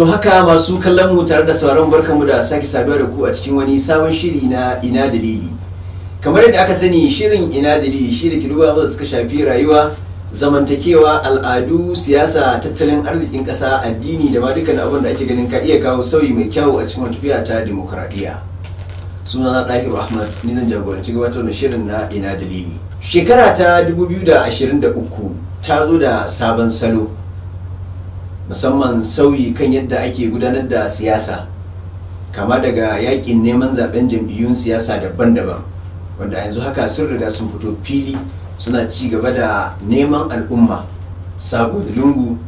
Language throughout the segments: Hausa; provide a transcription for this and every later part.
to haka masu kallon mu tare da sauran mu da sake saduwa da ku a cikin wani sabon shiri na ina dalili kamar yadda aka sani shirin ina dalili shi da duba da suka shafi rayuwa zamantakewa al'adu siyasa tattalin arzikin ƙasa addini da ma dukkan abin da ake ganin ka iya kawo sauyi mai kyau a cikin tafiya ta demokradiyya suna na ɗahiru ahmad ni zan jagoranci gabatar da shirin na ina dalili shekara ta 2023 ta zo da sabon salo musamman sauyi kan yadda ake gudanar da siyasa kama daga yakin neman zaben jam'iyyun siyasa daban-daban wanda yanzu haka sun riga sun fito fili suna ci gaba da neman al'umma sabo da lungu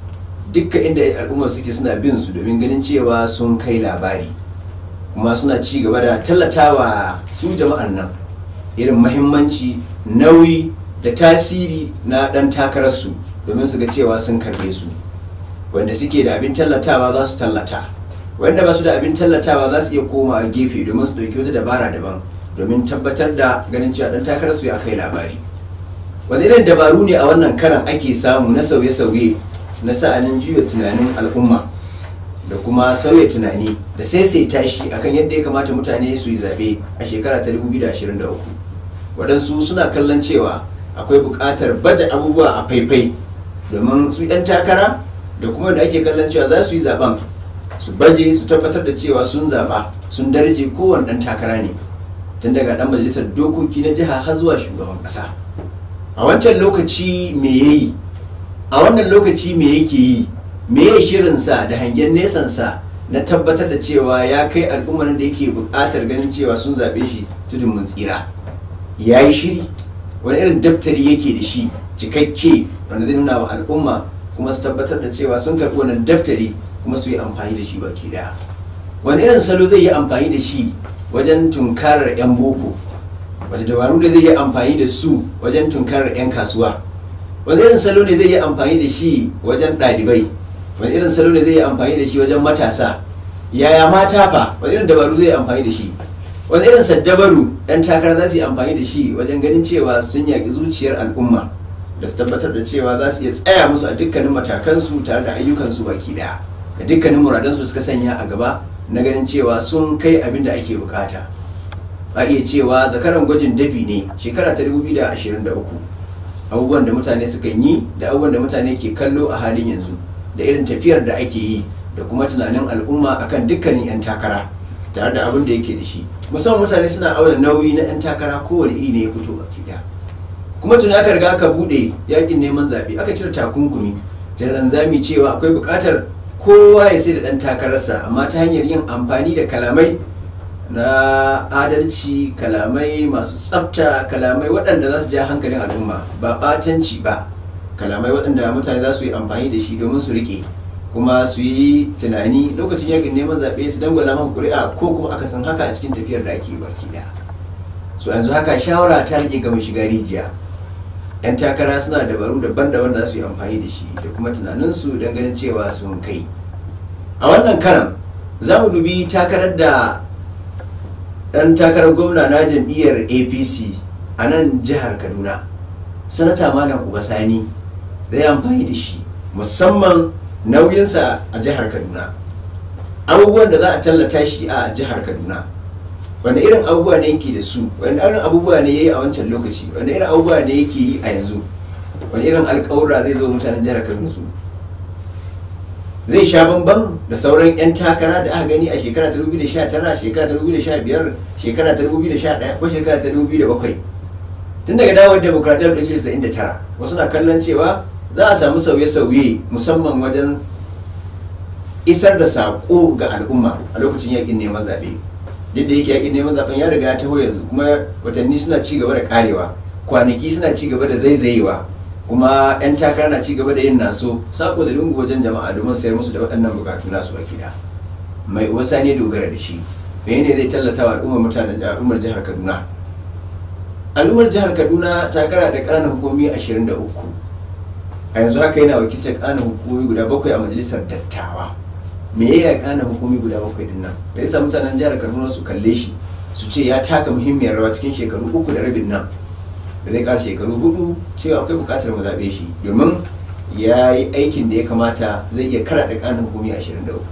dukkan inda al'ummar suke suna bin su domin ganin cewa sun kai labari kuma suna ci gaba da tallatawa su jama'ar nan irin mahimmanci nauyi da tasiri na ɗan takararsu domin su ga cewa sun karbe su wanda suke da abin tallatawa za su tallata wanda ba su da abin tallatawa za su iya komawa gefe domin su ɗauki wata dabara daban domin tabbatar da ganin cewa ɗan takarar su ya kai labari wani irin dabaru ne a wannan karan ake samu na sauye-sauye na sa'anin juya tunanin al'umma da kuma sauya tunani da sai shi akan yadda ya kamata mutane su yi zaɓe a shekara ta 2023 waɗansu suna kallon cewa akwai buƙatar baje abubuwa a faifai domin su 'yan takara da kuma da ake kallon cewa za su yi zaben su baje su tabbatar da cewa sun zaba sun darje kowane dan takara ne tun daga dan majalisar dokoki na jiha har zuwa shugaban kasa a wancan lokaci me yayi a wannan lokaci me yake yi me ya sa da hangen nesan sa na tabbatar da cewa ya kai al'ummar da yake buƙatar ganin cewa sun zaɓe shi tudun mun tsira ya yi shiri wani irin daftari yake da shi cikakke wanda zai nuna wa al'umma kuma su tabbatar da cewa sun karɓi wannan daftari kuma su yi amfani da shi baki daya wani irin salo zai yi amfani da shi wajen tunkarar 'yan boko wata dabaru da zai yi amfani da su wajen tunkarar 'yan kasuwa wani irin salo ne zai yi amfani da shi wajen ɗalibai wani irin salo ne zai yi amfani da shi wajen matasa yaya mata fa wani irin dabaru zai yi amfani da shi wani irin sadabaru 'yan takara za su yi amfani da shi wajen ganin cewa sun yaƙi zuciyar al'umma da su tabbatar da cewa za su iya tsaya musu a dukkanin matakansu tare da ayyukansu baki daya da dukkanin muradansu suka sanya a gaba na ganin cewa sun kai abin da ake bukata a iya cewa zakaran gwajin dafi ne shekara ta 2023 abubuwan da mutane suka yi da abubuwan da mutane ke kallo a halin yanzu da irin tafiyar da ake yi da kuma tunanin al'umma akan dukkanin 'yan takara tare da abin da yake da shi musamman mutane suna auna nauyi na 'yan takara kowane iri ne ya fito baki daya kuma tuni aka riga aka bude yakin neman zaɓe aka cire takunkumi jiran zami cewa akwai buƙatar kowa ya sai da ɗan takararsa amma ta hanyar yin amfani da kalamai na adalci kalamai masu tsafta kalamai waɗanda za su ja hankalin al'umma ba batanci ba kalamai waɗanda mutane za su yi amfani da shi domin su rike kuma su yi tunani lokacin yakin neman zaɓe su dangwa maka ƙuri'a ko kuma aka san haka a cikin tafiyar da ake baki ɗaya Su yanzu haka shawara ta rike ga mashigari jiya. rijiya 'yan takara suna dabaru daban-daban da su yi amfani da shi da kuma tunaninsu don ganin cewa sun kai a wannan karan za mu dubi takarar da ɗan takarar gwamna na jam'iyyar apc a nan jihar kaduna sanata malam ubasani zai amfani da shi musamman nauyinsa a jihar kaduna abubuwan da za a tallata shi a jihar kaduna wanda irin abubuwa ne yake da su wanda irin abubuwa ne yayi a wancan lokaci wanda irin abubuwa ne yake yi a yanzu wani irin alƙawura zai zo mutanen jihar Kano su zai sha bamban da sauran 'yan takara da aka gani a shekara ta 2019 shekara ta 2015 shekara ta 2011 ko shekara ta 2007 tun daga dawar demokradiyyar tara wasu na kallon cewa za a samu sauye-sauye musamman wajen isar da saƙo ga al'umma a lokacin yakin neman zaɓe duk da yake yakin neman zaben ya riga ta taho yanzu kuma watanni suna ci gaba da karewa kwanaki suna ci gaba da zaizayewa kuma yan takara na ci gaba da yin naso sako da lungu wajen jama'a domin sayar musu da waɗannan bukatu nasu a gida mai Uba sani ya dogara da shi Me ne zai tallata wa al'ummar mutanen al'ummar jihar kaduna al'ummar jihar kaduna takara da ƙananan hukumomi uku. a yanzu haka yana wakiltar ƙananan hukumomi guda bakwai a majalisar dattawa me ya kana hukumi guda bakwai din nan da yasa mutanen jihar kaduna su kalle shi su ce ya taka muhimmiyar rawa cikin shekaru uku da rabin nan da zai kara shekaru hudu cewa akwai bukatar mu zaɓe shi domin ya yi aikin da ya kamata zai iya kara da kanin hukumi ashirin da uku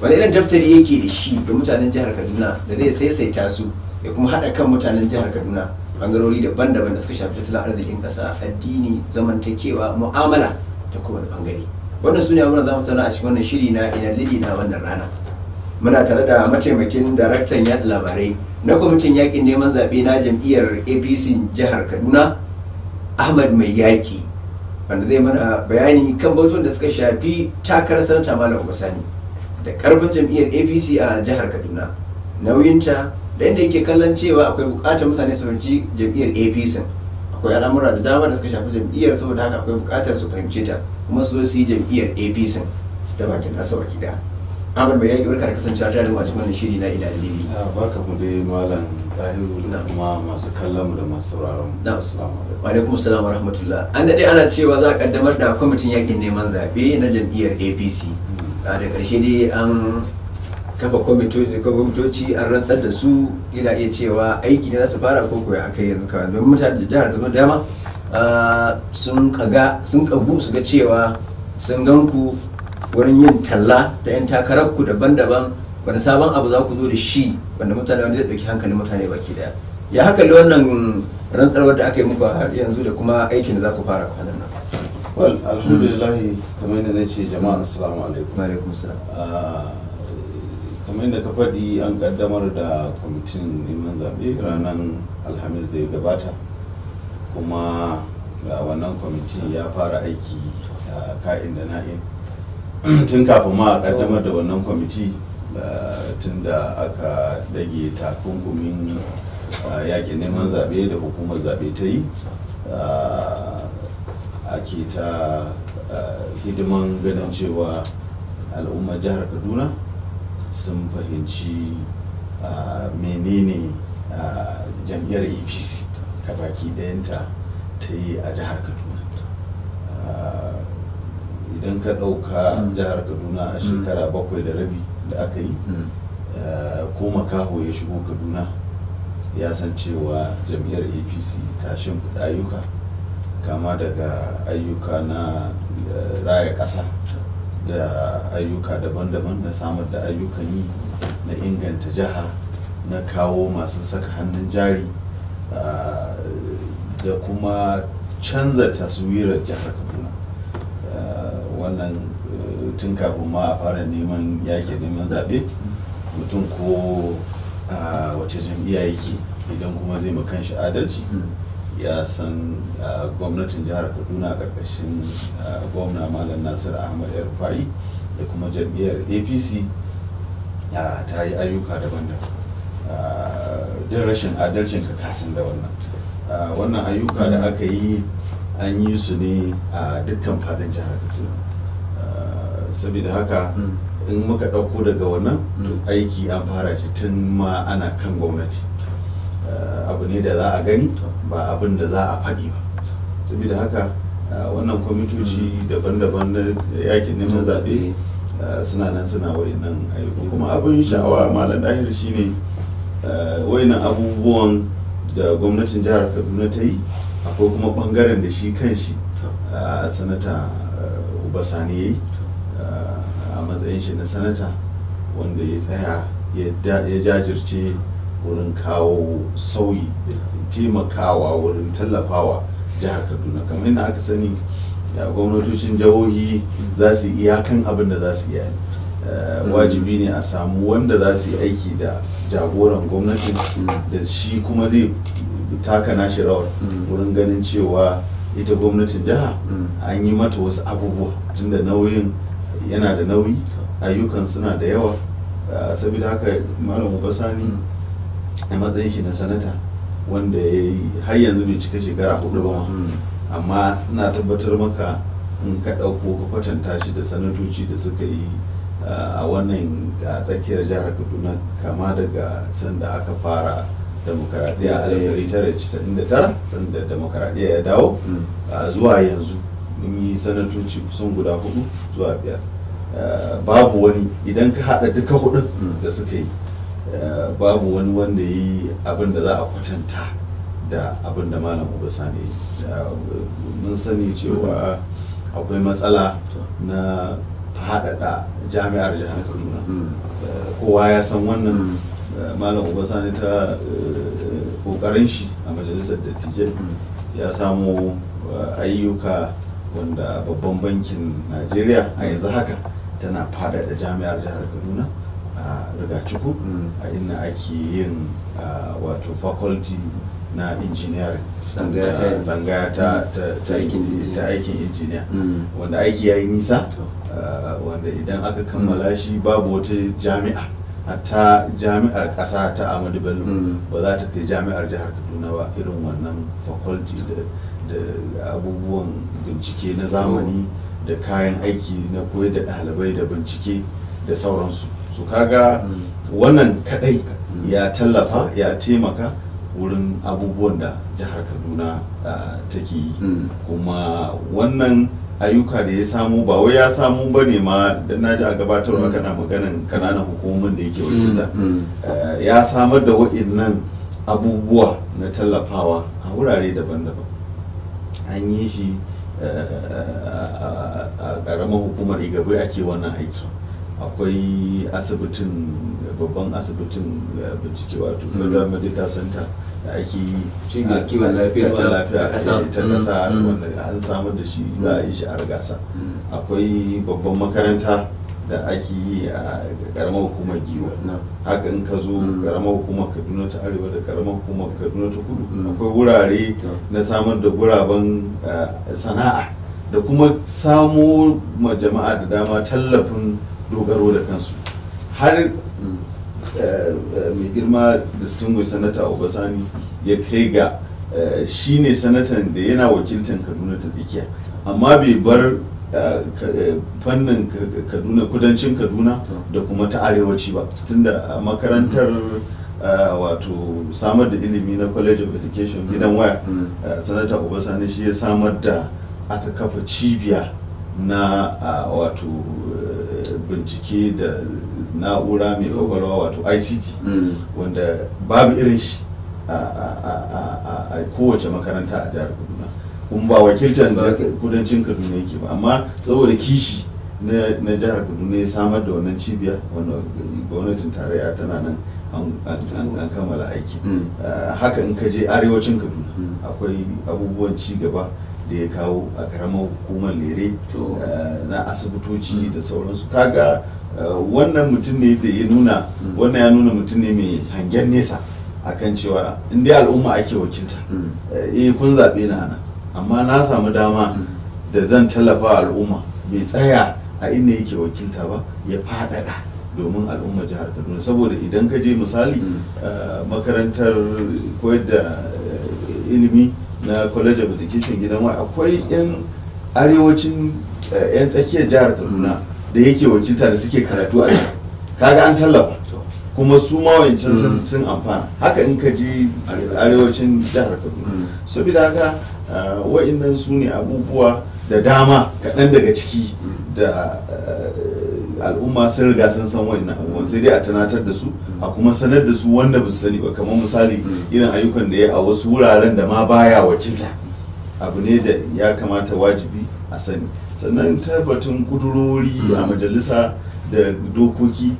wani irin daftari yake da shi da mutanen jihar kaduna da zai saisaita su ya kuma haɗa kan mutanen jihar kaduna bangarori daban-daban da suka shafi tattalin arzikin ƙasa addini zamantakewa mu'amala ta kowane bangare wannan su ne abin da za mu a cikin wannan shiri na ina na wannan rana muna tare da mataimakin daraktan yaɗa labarai na kwamitin yaƙin neman zaɓe na jam'iyyar apc jihar kaduna ahmad mai yaƙi wanda zai mana bayani kan batun da suka shafi takarar sanata malam Sani da karfin jam'iyyar apc a jihar kaduna nauyinta da inda yake kallon cewa akwai bukatar mutane su fahimci jam'iyyar apc akwai al'amura da dama da suka shafi jam'iyyar saboda haka akwai bukatar su fahimce ta kuma su yi jam'iyyar apc da bakin asawa gida daya abin bai yaki barka da kasancewa tare da masu wannan shiri na ila dalili ah, barka mu dai malam dahiru da kuma masu kallon mu da masu sauraron mu assalamu alaikum wa alaikum assalam wa rahmatullah an dade ana cewa za a kaddamar da kwamitin yakin neman zabe na jam'iyyar apc a hmm. ah, da karshe dai an kafa kwamitoci kwamitoci an rantsar da su ina iya cewa aiki ne za su fara ko koya akai yanzu kawai don mutane da jihar Kano dama ah, sun kaga sun kagu su ga cewa sun gan ku wurin yin talla ta yan takarar ku daban-daban wani sabon abu za ku zo da shi wanda mutane wanda zai dauki hankalin mutane baki daya ya haka wannan rantsarwar da aka yi muku yanzu da kuma aikin da za ku fara kwanan nan well alhamdulillah kamar yadda na ce jama'a assalamu alaikum alaikum kamar yadda ka faɗi an kaddamar da kwamitin neman zaɓe ranar alhamis da ya gabata kuma ga wannan kwamiti ya fara aiki a ka'in da na'in tun kafin ma a kaddamar da wannan kwamiti tun da aka dage takunkumin yakin neman zaɓe da hukumar zaɓe ta yi ake ta hidiman ganin cewa al'ummar jihar kaduna sun fahimci menene jam'iyyar apc ta baki dayanta ta yi a jihar kaduna idan ka ɗauka hmm. jihar kaduna a hmm. shekara bakwai da rabi da aka yi hmm. ko makaho ya shigo kaduna ya san cewa jam'iyyar apc ta shimfiɗa ayyuka kama daga ayyuka na eh, raya ƙasa da ayyuka daban-daban na samar da ayyukan yi na inganta jiha na kawo masu saka hannun jari da kuma canza taswirar jihar kaduna wannan eh, tun kafin ma a fara neman yaki neman zaɓe mutum ko wace jam'iyya yake idan kuma zai makan shi adalci hmm. ya san gwamnatin jihar kaduna karkashin gwamna malam nasir ahmad rufai da kuma jam'iyyar apc ta yi ayyuka daban-daban din rashin adalcin ka kasan da wannan wannan ayyuka da aka yi an yi su ne a dukkan fadin jihar kaduna saboda haka mm. in muka ɗauko daga wannan mm. aiki an fara shi tun ma ana kan gwamnati Eh, abu ne da za a gani ba abin da za a faɗi ba saboda haka eh, wannan kwamitoci hmm. daban-daban na yakin neman hmm. zaɓe eh, suna nan suna wayannan ayyuka kuma abin sha'awa malam ɗahir shine wayannan abubuwan da gwamnatin jihar kaduna ta yi akwai kuma ɓangaren da shi kan shi sanata ubasani ya yi a matsayin shi na sanata wanda ya tsaya ya jajirce wurin kawo sauyi da taimakawa wurin tallafawa jihar kaduna kamar yadda aka sani a gwamnatocin jihohi za su iyakan abin da za su iya eh, wajibi ne a samu wanda za su yi aiki da jagoran gwamnati da shi kuma zai taka nashi rawar wurin ganin cewa ita gwamnatin jiha an yi mata wasu abubuwa tunda nauyin yana da nauyi ayyukan suna da yawa eh, saboda haka malam sani a matsayin shi na sanata wanda ya yi har yanzu bai cika shekara hudu ba hmm. amma ina tabbatar maka in ka ɗauko ka kwatanta shi da sanatoci da suka yi a wannan a tsakiyar jihar kaduna kama daga sanda aka fara demokaradiyya a tara 1999 sanda demokaradiyya ya dawo hmm. zuwa yanzu mun yi sanatoci kusan guda hudu zuwa biyar babu wani idan ka haɗa duka hudun hmm. da suka yi Eh, babu wani wanda yi abin da za a kwatanta da abin da malam uba sani eh, mun sani cewa akwai matsala na faɗaɗa jami'ar jihar kaduna eh, kowa ya san wannan malam uba sani ta kokarin shi a majalisar dattijai ya samo ayyuka wanda babban bankin najeriya a yanzu haka tana faɗaɗa jami'ar jihar kaduna rigacikun a inda ake yin wato faculty na engineering tsangaya ta aikin injiniya mm. wanda aiki ya yi nisa wanda idan aka kammala mm. shi babu wata jami'a hatta jami'ar ƙasa ta amadu bello mm. ba za ta kai jami'ar jihar kaduna ba irin wannan faculty da abubuwan bincike na zamani da kayan aiki na koyar da ɗalibai da bincike da sauransu su kaga wannan kadai ya tallafa ya taimaka wurin abubuwan da jihar kaduna take yi hmm. kuma wannan ayyuka da ya samu ba wai ya samu bane ne ma don naji a gabatar gabatarwa hmm. kana maganan kananan hukumomin da yake wakilta hmm, ya samar da wa'innan abubuwa na tallafawa a wurare daban-daban an yi shi eh, a ƙaramar hukumar igabai ake wannan aiki akwai asibitin babban asibitin eh, bincike wato mm. federal medical center da ake yi cibiyar kiwon lafiya ta ƙasa eh, mm. wanda an samar da shi za a yi shi a rigasa mm. akwai babban makaranta da ake yi a karamar hukumar giwa haka in ka zo karamar hukumar kaduna ta arewa da karamar hukumar kaduna ta kudu akwai wurare na samar da guraben eh, sana'a da kuma samo ma jama'a da dama tallafin dogaro da kansu har eh, eh, mai girma distinguished sanata obasani ya kai ga eh, shi ne sanatan da yana wakiltan kaduna ta tsakiya amma bai bar fannin kaduna kudancin kaduna da kuma ta arewaci ba tunda makarantar wato samar da ilimi na college of education gidan waya sanata obasani shi ya samar da aka kafa cibiya na wato bincike da na'ura mai kwakwalwa wato ict hmm. wanda babu irin shi a kowace makaranta a jihar kaduna kun ba wakiltar kudancin kaduna yake ba amma saboda kishi na jihar kaduna ya samar da wannan cibiya gwamnatin tarayya tana nan an kammala aiki hmm. eh, haka in ka je arewacin kaduna hmm. akwai abubuwan ci gaba da ya kawo a karamar hukumar lere eh, na asibitoci da sauransu kaga eh, wannan mutum ne da ya nuna mm. wannan ya nuna mutum ne mai hangen nesa akan cewa inda al'umma ake wakilta mm. eh, eh kun zaɓe na ana. amma na samu dama mm. da zan tallafa al'umma bai tsaya a inda yake wakilta ba ya faɗaɗa domin al'umma jihar kaduna saboda idan ka je misali makarantar koyar da ilimi na college of education gidan wa akwai yan arewacin eh, yan tsakiyar jihar kaduna da yake wakilta da suke karatu a can kaga an tallafa kuma su mawancan mm. sun amfana haka in ka ji arewacin jihar kaduna mm. saboda haka eh, wa'annan su ne abubuwa da dama kaɗan daga ciki mm. da al'umma sun riga sun san wani na sai dai a tunatar da su a kuma sanar da su wanda ba su sani ba kamar misali irin ayyukan da ya a wasu wuraren da ma baya wakilta abu ne da ya kamata wajibi a sani sannan tabbatin kudurori a majalisa da dokoki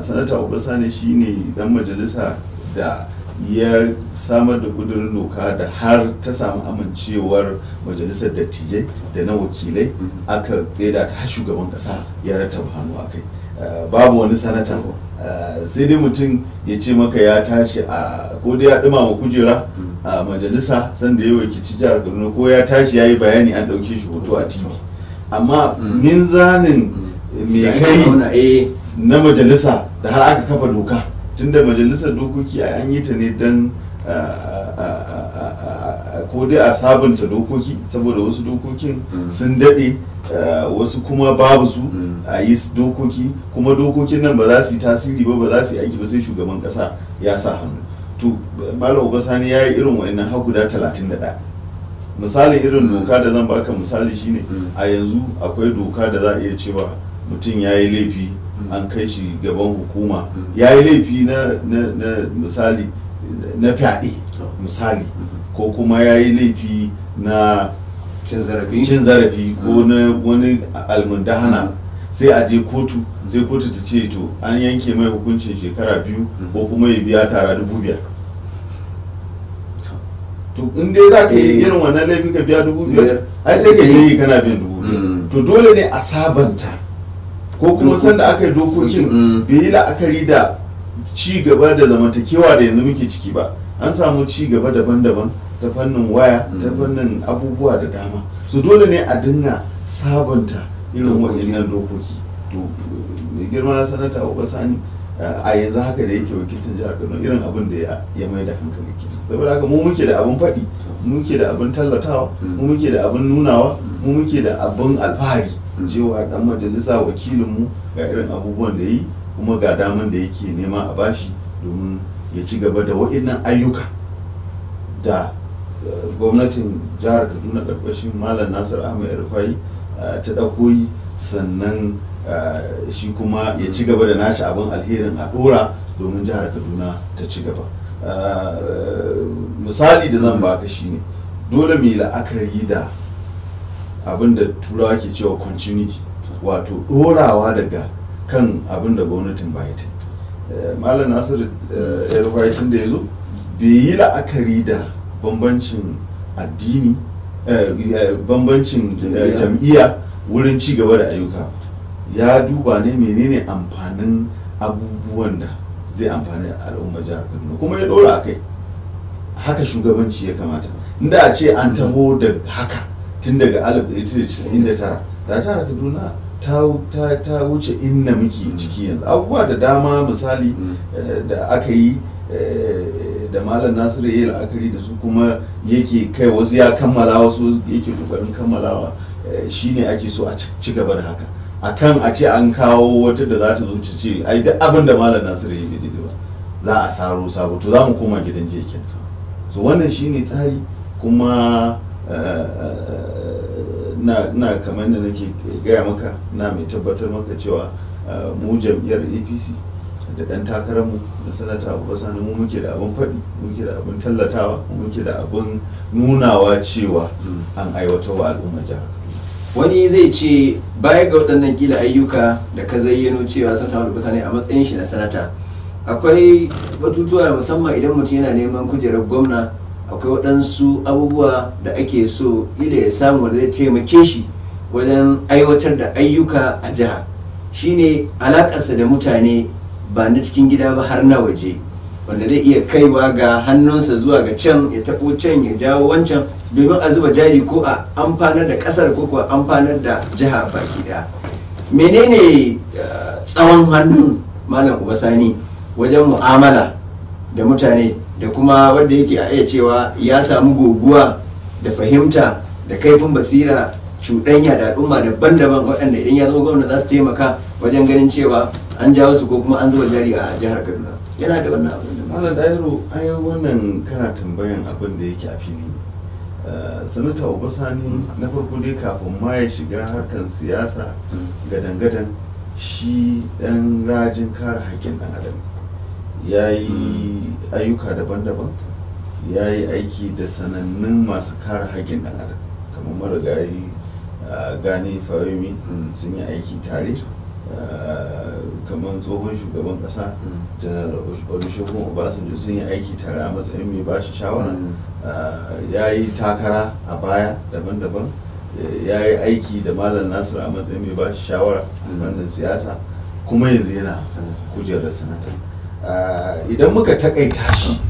sanata shi shine dan majalisa da ya samar da kudurin doka da har ta samu amincewar majalisar dattijai da na wakilai mm-hmm. aka tseda ta har shugaban kasa ya rattaba hannu a kai eh, babu wani sanata eh, sai dai mutum ya ce maka ya tashi a ko dai ya dumama kujera mm-hmm. a majalisa sanda ya wakilci jihar kaduna ko ya tashi ya yi bayani an dauke shi hoto a tv amma mm-hmm. min zanin mai kai eh. na majalisa da har aka kafa doka tunda majalisar dokoki an yi ta ne don ko dai a sabunta dokoki saboda wasu dokokin mm. sun daɗe wasu kuma babu su mm. a yi dokoki kuma dokokin nan ba za su yi tasiri ba ba za su yi aiki ba sai shugaban ƙasa ya sa hannu to malam obasani ya yi irin wa'annan har guda 31 misalin irin doka da zan baka misali shine mm. a yanzu akwai doka da za a iya cewa mutum ya yi laifi an kai shi gaban hukuma ya yi laifi na misali na fyaɗe misali ko kuma ya yi laifi na cin zarafi ko na wani almundahana sai a je kotu sai kotu ta ce to an yanke mai hukuncin shekara biyu ko kuma ya biya tara dubu biyar to in dai za ka yi eh. irin wannan laifin ka biya dubu biyar ai sai ka je yi eh. kana biyan dubu biyar mm. to dole ne a sabanta ko kuma sanda aka yi dokokin mm. bai yi la'akari da ci gaba da zamantakewa da yanzu muke ciki ba an samu ci gaba daban-daban ta fannin waya ta mm. fannin abubuwa da dama su dole ne a dinga sabunta irin waɗannan dokoki to mai girma sanata obasani eh, a yanzu haka da yake wakiltar jihar kano irin abin da ya mai da hankali ke saboda haka mu muke da abin faɗi mu muke da abin tallatawa mm. mu muke da abin nunawa mu muke da abin alfahari cewa dan majalisa wakilin mu ga irin abubuwan da yi kuma ga daman da yake nema a bashi domin ya ci gaba da waɗannan ayyuka da eh, gwamnatin jihar kaduna karkashin malam nasir ahmed rufai eh, ta ɗauko yi sannan eh, shi kuma ya ci gaba da nashi abin alherin a ɗora domin jihar kaduna ta ci gaba misali da zan baka shine dole mu yi la'akari da abin da turawa ke cewa continuity wato dorawa daga kan abin da gwamnatin baya ta eh, malam nasiru eh, yarufai tun da ya zo bai yi la'akari da bambancin addini eh, bambancin jam'iyya wurin ci gaba da ayyuka ya duba ne menene amfanin abubuwan da zai amfani al'ummar jihar kaduna kuma ya dora a kai haka shugabanci ya kamata inda a ce an taho da haka tun daga 1999 da jihar kaduna ta wuce inna muke mm. ciki yanzu abubuwa da dama misali mm. eh, da aka yi eh, da malam nasiru ya la'akari da su kuma yake kai wasu ya kammala wasu yake kokarin kammalawa eh, shine ake so a ci gaba da haka akan a ce an kawo wata da za ta zo ci, ce ai duk abin da malam nasiru ya bai ba za a saro sabo to za mu koma gidan jiya so wannan shine tsari kuma na kamar da nake gaya maka na mai tabbatar maka cewa ah, mu jam'iyyar apc da ɗan takararmu da sanata abu sani mu muke da abin faɗi mu muke da abin tallatawa mu muke da abin nunawa cewa hmm. an aiwatar wa al'ummar jihar wani zai ce baya ga waɗannan kila ayyuka da ka zayyano cewa sanata abu sani a matsayin shi na sanata akwai batutuwa musamman idan mutum yana neman kujerar gwamna akwai waɗansu abubuwa da ake so ila ya samu da zai taimake shi wajen aiwatar da ayyuka a jiha shine alakarsa da mutane ba na cikin gida ba har na waje wanda zai iya kaiwa ga hannunsa zuwa ga can ya taɓo can ya jawo wancan domin a zuba jari ko a amfanar da ƙasar ko kuwa amfanar da jiha baki ɗaya menene eh, tsawon hannun malam ubasani wajen mu'amala da mutane da kuma wanda yake a iya cewa ya samu goguwa da fahimta da kaifin basira cuɗanya da al'umma daban-daban waɗanda idan ya zama gwamna za su taimaka wajen ganin cewa an jawo su ko kuma an zuba jari a jihar kaduna yana da wannan abin da mana dairo ai wannan kana tambayan abin da yake a fili eh, sanata obasani na farko dai kafin ma ya shiga harkan siyasa mm. gadan-gadan shi ɗan rajin kare haƙƙin ɗan adam ya yi ayyuka daban-daban ya yi aiki da sanannun masu kara haƙƙin ɗan adam kamar marigayi gani fayomi mm, sun yi aiki tare kamar tsohon shugaban ƙasa mm. janar olusegun obasanjo sun yi aiki tare a matsayin mai bashi shawara mm. ya yi takara a baya daban-daban e, ya yi aiki da malam nasiru a matsayin mai bashi shawara a siyasa kuma yanzu yana kujerar sanata Eh, idan muka takaita shi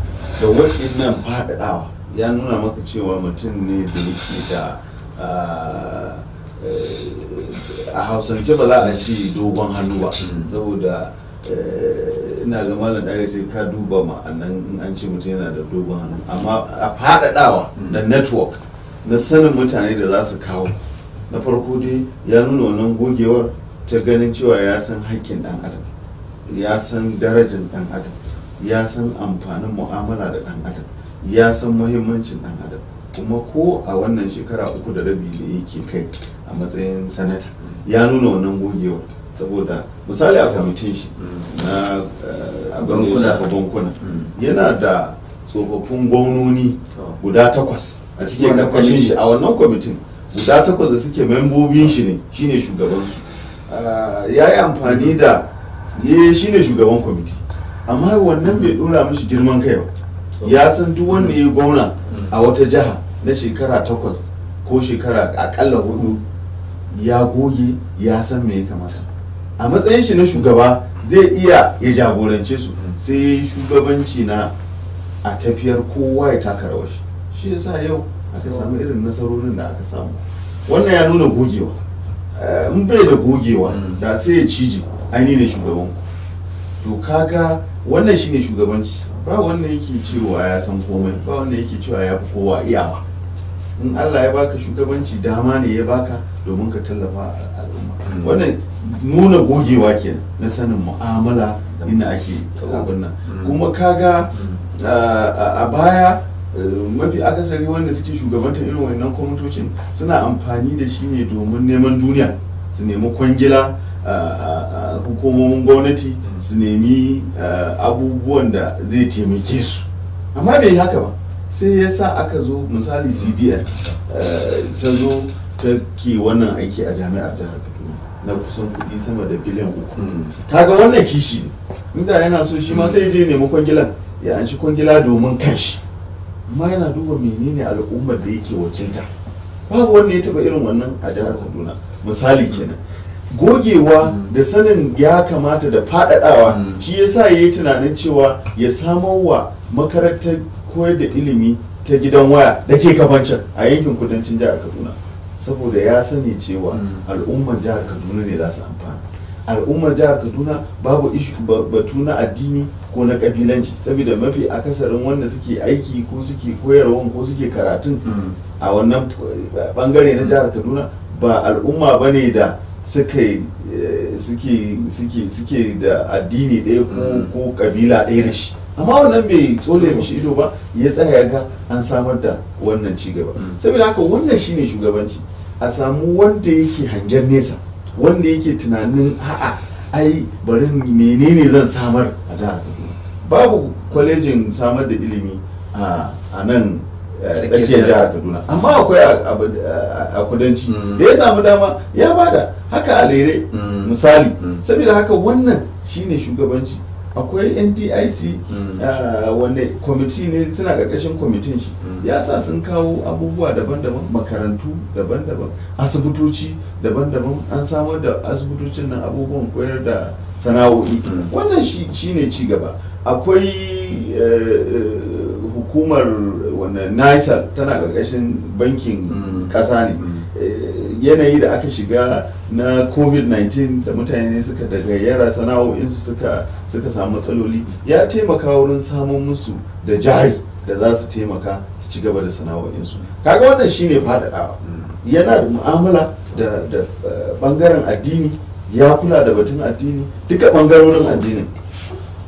da waɗannan faɗaɗawa ya nuna maka cewa mutum ne da yake da eh, eh, a hausance ba za a ci dogon hannu ba hmm. saboda ina ga malam ɗari sai ka duba ma'anan in an ce mutum yana da dogon hannu amma a faɗaɗawa da hmm. network na sanin mutane da za su kawo na farko dai ya nuna wannan gogewar ta ganin cewa ya san haƙƙin ɗan adam ya san darajin dan adam ya san amfanin mu'amala da dan adam ya san muhimmancin dan adam kuma ko a wannan shekara uku da rabi da yake kai a matsayin sanata ya nuna wannan gogewa saboda misali a kwamitin shi na eh, abin bankuna mm. yana da tsofaffin gwamnoni guda takwas a suke karkashin shi a wannan kwamitin guda takwas da suke membobin shi ne shine shugabansu ah, ya yi amfani da ye eh, shine shugaban kwamiti amma wannan bai dora mishi girman kai ba ya san duk wanda ya gwamna a wata jiha na shekara takwas ko shekara akalla hudu ya goge ya san me ya kamata a matsayin shi na shugaba zai iya ya jagorance su sai ya yi shugabanci na a tafiyar kowa ya taka rawar shi shi yasa yau aka samu irin nasarorin da aka samu wannan ya nuna gogewa eh, in bai da gogewa da sai ya cije aini ne shugaban to kaga wannan shine shugabanci ba wanda yake cewa ya san komai ba wanda yake cewa ya fi kowa iyawa in Allah ya baka shugabanci dama ne ya baka domin ka tallafa al'umma hmm. wannan nuna gogewa kenan na sanin mu'amala hmm. inda ake abin nan hmm. kuma kaga a baya eh, mafi akasari wanda suke shugabantar irin wannan kwamitocin suna amfani da shi ne domin neman duniya su nemi kwangila hukumomin gwamnati su nemi abubuwan da zai taimake su amma bai yi haka ba sai ya sa aka zo misali cbn ta zo ta ke wannan aiki a jami'ar jihar kaduna na kusan kudi sama da biliyan uku kaga hmm. wannan kishi ne inda yana so shi ma sai je nemi kwangilan ya anshi kwangila domin kanshi amma yana duba menene al'ummar da yake wakilta babu wanda ya taba irin wannan a jihar kaduna misali kenan gogewa mm. da sanin ya kamata da faɗaɗawa mm. shi yasa ya yi tunanin cewa ya samar wa makarantar koyar da ilimi ta gidan waya da ke kafancan a yankin kudancin jihar kaduna saboda ya sani cewa mm. al'ummar jihar kaduna ne za su amfana al'ummar jihar kaduna babu batu na addini ko na kabilanci saboda mafi akasarin wanda suke aiki ko suke koyarwa ko suke karatun a wannan eh, bangare na jihar kaduna ba al'umma ba ne da Eh, suke da addini ɗaya ko hmm. kabila ɗaya da shi amma wannan bai tsole mishi ido ba ya tsaya ya ga an samar da wannan cigaba hmm. saboda haka wannan shine shugabanci a samu wanda yake hangen nesa wanda yake tunanin a'a ai barin menene zan samar a jihar babu kwalejin samar da ilimi a nan Eh, tsakiyar jihar kaduna amma akwai a kudanci mm. da ya samu dama ya bada haka a lere mm. misali mm. saboda haka wannan shine shugabanci akwai ndic eh, wanne kwamiti ne suna ƙarƙashin kwamitin shi ya sa sun kawo abubuwa daban-daban makarantu daban-daban asibitoci daban-daban an samar da asibitocin nan abubuwan koyar da sana'o'i wannan shi ne ci gaba akwai eh, hukumar wannan nisal tana karkashin bankin mm. ƙasa ne mm. eh, yanayi da aka shiga na covid-19 da mutane suka daga yara sana'o'insu suka suka samu matsaloli ya taimaka wurin samun musu da jari da za su taimaka su ci gaba da sana'o'insu kaga wannan shine faɗaɗawa mm. yana da mu'amala da bangaren eh, addini ya kula da batun addini duka bangarorin addini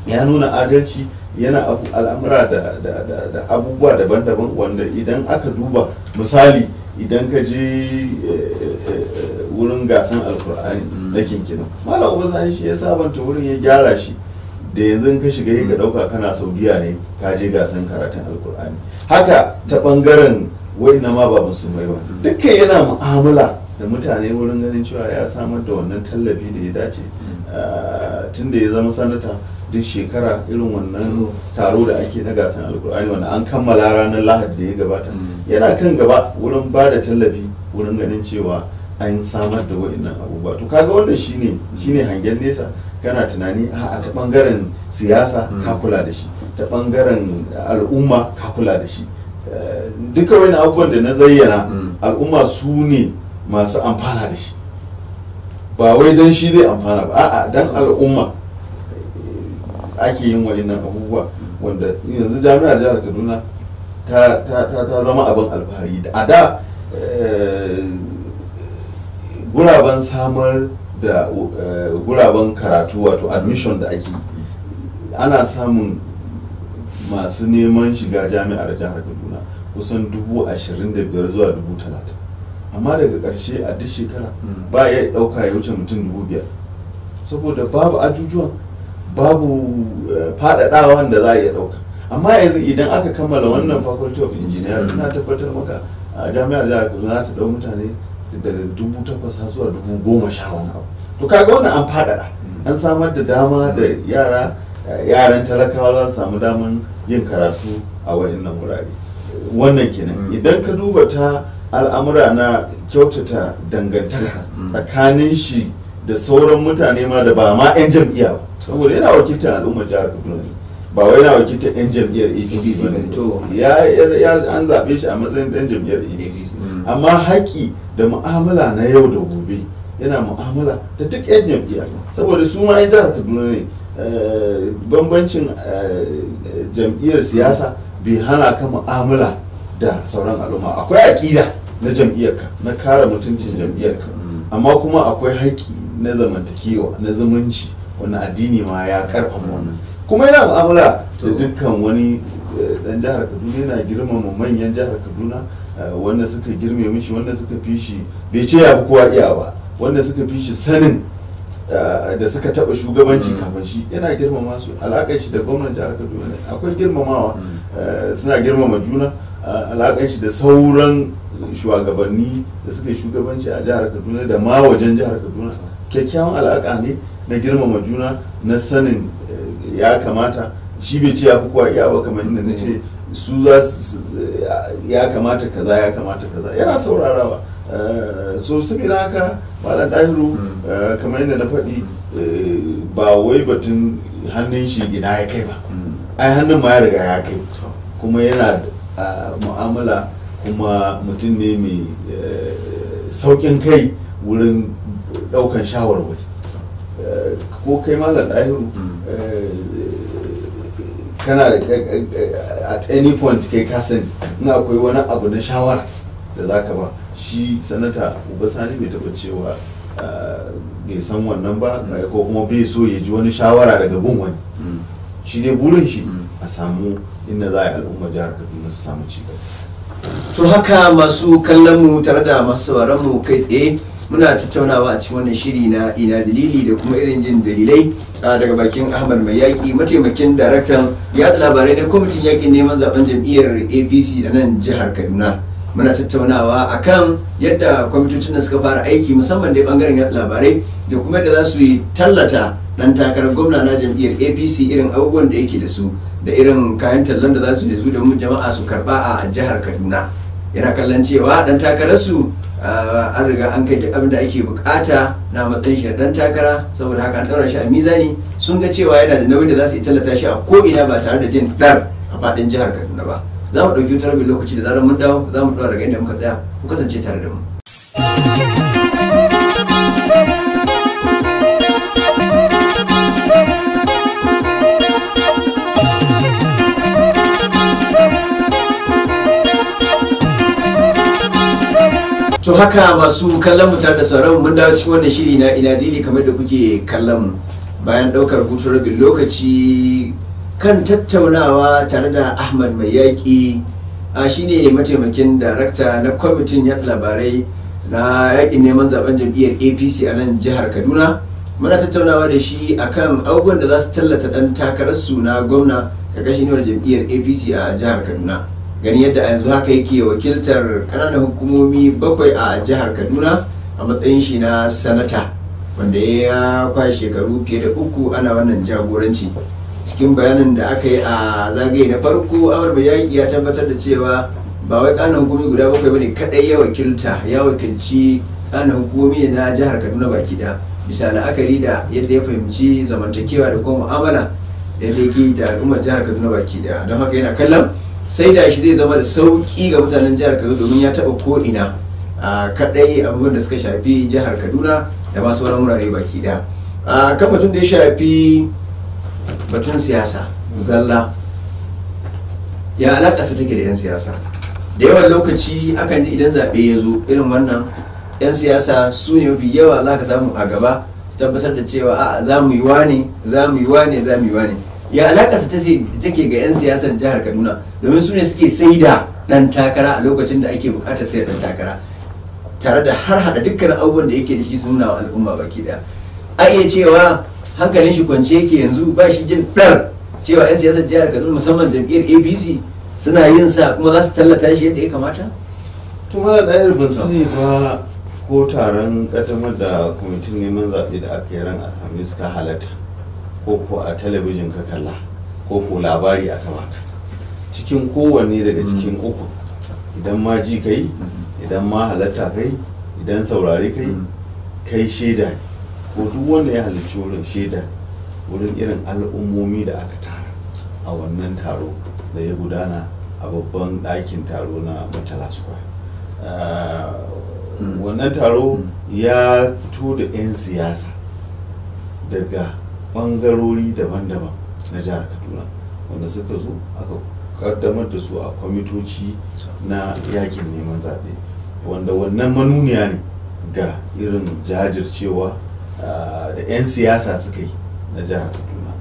ya nuna adalci yana al'amura da abubuwa daban-daban wanda idan aka duba misali idan ka je eh, eh, eh, wurin gasan alkur'ani mm. na mala malam ubasan shi ya sabanta wurin ya gyara shi da yanzu ka shiga ka dauka mm. kana saudiya ne ka je gasan karatun alkur'ani haka ta bangaren wai na ma ba musulmai ba dukkan yana mu'amala da mutane wurin ganin cewa ya samar da wannan tallafi da ya dace mm. ah, tun da ya zama sanata duk shekara irin wannan taro da ake na gasan alkur'ani wanda an kammala ranar lahadi da ya gabata mm. yana kan gaba wurin ba da tallafi wurin ganin cewa an samar da wa'annan abubuwa to kaga wannan shine shine hangen nesa kana tunani a ta bangaren siyasa mm. ka kula da shi ta bangaren al'umma ka kula da shi eh, duka wani abubuwan da na zayyana mm. al'umma su ne masu amfana da shi ba wai don shi zai amfana ba a'a don al'umma ake yin wa'innan abubuwa wanda yanzu jami'ar jihar kaduna ta, zama abin alfahari da a da eh, guraben samar da eh, guraben karatu wato admission da ake ana samun masu neman shiga jami'ar jihar kaduna kusan dubu ashirin da biyar zuwa dubu talatin amma daga karshe a duk shekara hmm. ba ya ɗauka ya wuce mutum dubu biyar saboda babu ajujuwan babu eh, faɗaɗa wanda za a iya ɗauka amma yanzu idan aka kammala wannan faculty of engineering na tabbatar maka a jami'ar jihar Kudu za ta ɗau mutane daga dubu takwas har zuwa dubu goma sha wani abu to kaga wannan an faɗaɗa an samar da dama da yara eh, yaran talakawa za su samu daman yin karatu a wayannan wurare wannan kenan mm. idan ka duba ta al'amura na kyautata dangantaka mm. tsakanin shi da sauran mutane ma da ba ma 'yan jam'iyya ba saboda yana wakiltar al'ummar jihar kaduna ne ba wai yana wakiltar yan jam'iyyar apc ba ne an zaɓe shi a matsayin yan jam'iyyar apc mm. amma haƙi da mu'amala na yau da gobe yana mu'amala ta duk yan jam'iyya saboda su ma yan jihar kaduna ne eh, bambancin eh, jam'iyyar siyasa bai hana ka mu'amala da sauran al'umma akwai aƙida na jam'iyyarka na kare mutuncin jam'iyyarka mm. amma kuma akwai haƙƙi na zamantakewa na zumunci wani addini ma ya karfafa wannan kuma yana mu'amala da dukkan wani dan eh, jihar kaduna yana girmama manyan jihar kaduna eh, wanda suka girme mishi wanda suka fi shi bai ce ya fi kowa iya ba wanda suka fi shi sanin eh, da suka taba shugabanci mm. kafin shi yana girmama su alaƙar shi da gwamnan jihar kaduna akwai girmamawa mm. suna girmama juna alaƙar shi da sauran shugabanni da suka yi shugabanci a jihar kaduna da ma wajen jihar kaduna kyakkyawan alaƙa ne na girmama juna na sanin eh, ya kamata shi bai ce ya fi kowa iya ba kamar inda na ce mm. su za eh, ya kamata kaza ya kamata kaza yana saurarawa eh, so saboda haka malam dahiru mm. kamar inda na faɗi ba wai batun hannun shi gina ya kai ba mm. ai hannun ma ya riga ya kai kuma yana mu'amala kuma mutum ne mai saukin kai wurin daukan shawarwari ko kai malam ɗahiru eh, kana eh, eh, at any point kai kasan in akwai wani abu na shawara da zaka ba shi sanata uba sani bai taɓa cewa bai san wannan ba ko kuma bai so ya ji wani shawara daga bin wani shi dai burin shi a samu inda za a yi al'umma jihar kaduna su samu cigaba to haka masu kallon mu tare da masu mu kai tsaye muna tattaunawa a cikin wannan shiri na ina dalili da kuma irin jin dalilai daga bakin ahmad mai yaƙi mataimakin daraktan yaɗa labarai da kwamitin yaƙin neman zaben jam'iyyar apc da nan jihar kaduna muna tattaunawa a kan yadda kwamitocin da suka fara aiki musamman da bangaren yaɗa labarai da kuma yadda za su yi tallata dan takarar gwamna na jam'iyyar apc irin abubuwan da yake da su da irin kayan tallan da za su da su da mu jama'a su karba a jihar kaduna yana kallon cewa dan takararsu Ah, an riga an kai duk abin da ake bukata na matsayin shi na dan takara saboda haka an daura shi a mizani sun ga cewa yana da nauyin da za su yi tallata shi a ko ina ba tare da jin dar a fadin jihar Kaduna ba za mu ɗauki wutar lokaci da zarar mun dawo za mu daura daga inda muka tsaya ku kasance tare da mu. so haka masu kallon mu tare da sauran mun dawo cikin wannan shiri na ina dini kamar da kuke kallon mu bayan daukar hutun rabin lokaci kan tattaunawa tare da ahmad mai yaƙi a shine mataimakin darakta na kwamitin yaɗa labarai na yaƙin neman zaben jam'iyyar apc a nan jihar kaduna muna tattaunawa da shi akan abubuwan da za su tallata ɗan takararsu na gwamna ƙarƙashin da jam'iyyar apc a jihar kaduna gani yadda yanzu haka yake wakiltar kananan hukumomi bakwai a jihar kaduna a matsayin shi na sanata wanda ya kwashe shekaru fiye da uku ana wannan jagoranci cikin bayanin da aka yi a zagaye na farko amur yaƙi ya tabbatar da cewa ba wai kanan hukumomi guda bakwai bane kadai ya wakilta ya wakilci ƙananan hukumomi na jihar kaduna baki da bisa la'akari da yadda ya fahimci zamantakewa da kuma mu'amala yadda yake da al'ummar jihar kaduna baki da don haka yana kallon sai da shi zai zama da sauki ga mutanen jihar kaduna domin ya taba ko ina a kadai abubuwan da suka shafi jihar kaduna da masu sauran wurare baki daya kan batun da ya shafi batun siyasa zalla ya alaƙa su take da 'yan siyasa da yawan lokaci akan ji idan zaɓe ya zo irin wannan 'yan siyasa su ne mafi yawa za ka samu a gaba su tabbatar da cewa a za mu yi wane za mu yi wane za mu yi wane ya alakarsa take ga 'yan siyasar jihar kaduna domin su ne suke sai da dan takara a lokacin da ake bukatar sai dan takara tare da har hada dukkan abubuwan da yake da shi nuna wa al'umma baki daya a iya cewa hankalin shi kwance yake yanzu ba shi jin dar cewa 'yan siyasar jihar kaduna musamman jam'iyyar apc suna yin sa kuma za su tallata shi yadda ya kamata to mara dayar ban ba ko taron kaddamar da kwamitin neman zaɓe da aka yi ran alhamis ka halatta ko ko a talabijin ka kalla ko ko labari a kamata cikin kowanne daga cikin mm. uku idan ma ji ka mm. idan ma halatta kai idan saurari kai mm. kai shaida ko duk wanda ya halarci wurin shaida wurin irin al'ummomi da aka tara a wannan taro da ya gudana a babban ɗakin taro na matala suwa ah, wannan taro ya tura 'yan siyasa daga bangarori daban-daban na jihar kaduna wanda suka zo aka kaddamar da su a kwamitoci na yakin neman zaɓe wanda wannan manuniya ne ga irin jajircewa ah, da 'yan siyasa suka yi na jihar kaduna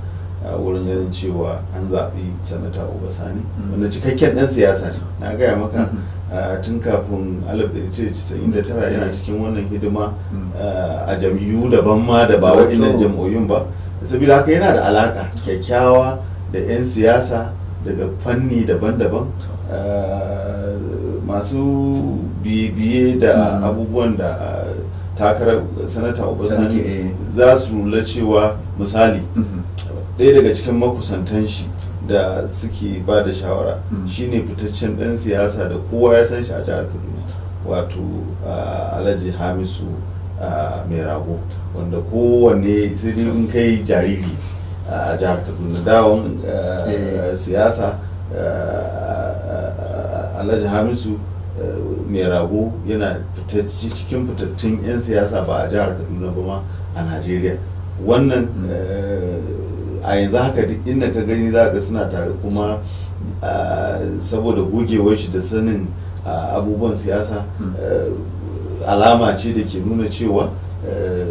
ah, wurin ganin cewa an zaɓi sanata obasani wanda cikakken ɗan siyasa ne na gaya maka mm-hmm. ah, tun kafin 1999 yana cikin wannan hidima mm-hmm. a jam'iyyu daban ma da ba waɗannan jam'oyin ba sabila haka yana da alaka kyakkyawa da 'yan siyasa daga fanni daban-daban eh, masu bibiye da hmm. abubuwan da takarar sanata obasani eh. za su rula cewa misali hmm. ɗaya daga cikin makusantan shi da suke ba da shawara hmm. shine fitaccen ɗan siyasa da kowa ya san shi a jihar kaduna wato eh, alhaji hamisu mai rago wanda kowane sai dai in kai jariri a jihar kaduna dawon eh. siyasa alhaji hamisu mai rago yana cikin fitattun 'yan siyasa ba a jihar kaduna ba ma a najeriya wannan hmm. a yanzu haka duk inda ka gani za ga suna tare kuma saboda gogewar shi da sanin abubuwan siyasa hmm. alama ce da ke nuna cewa eh,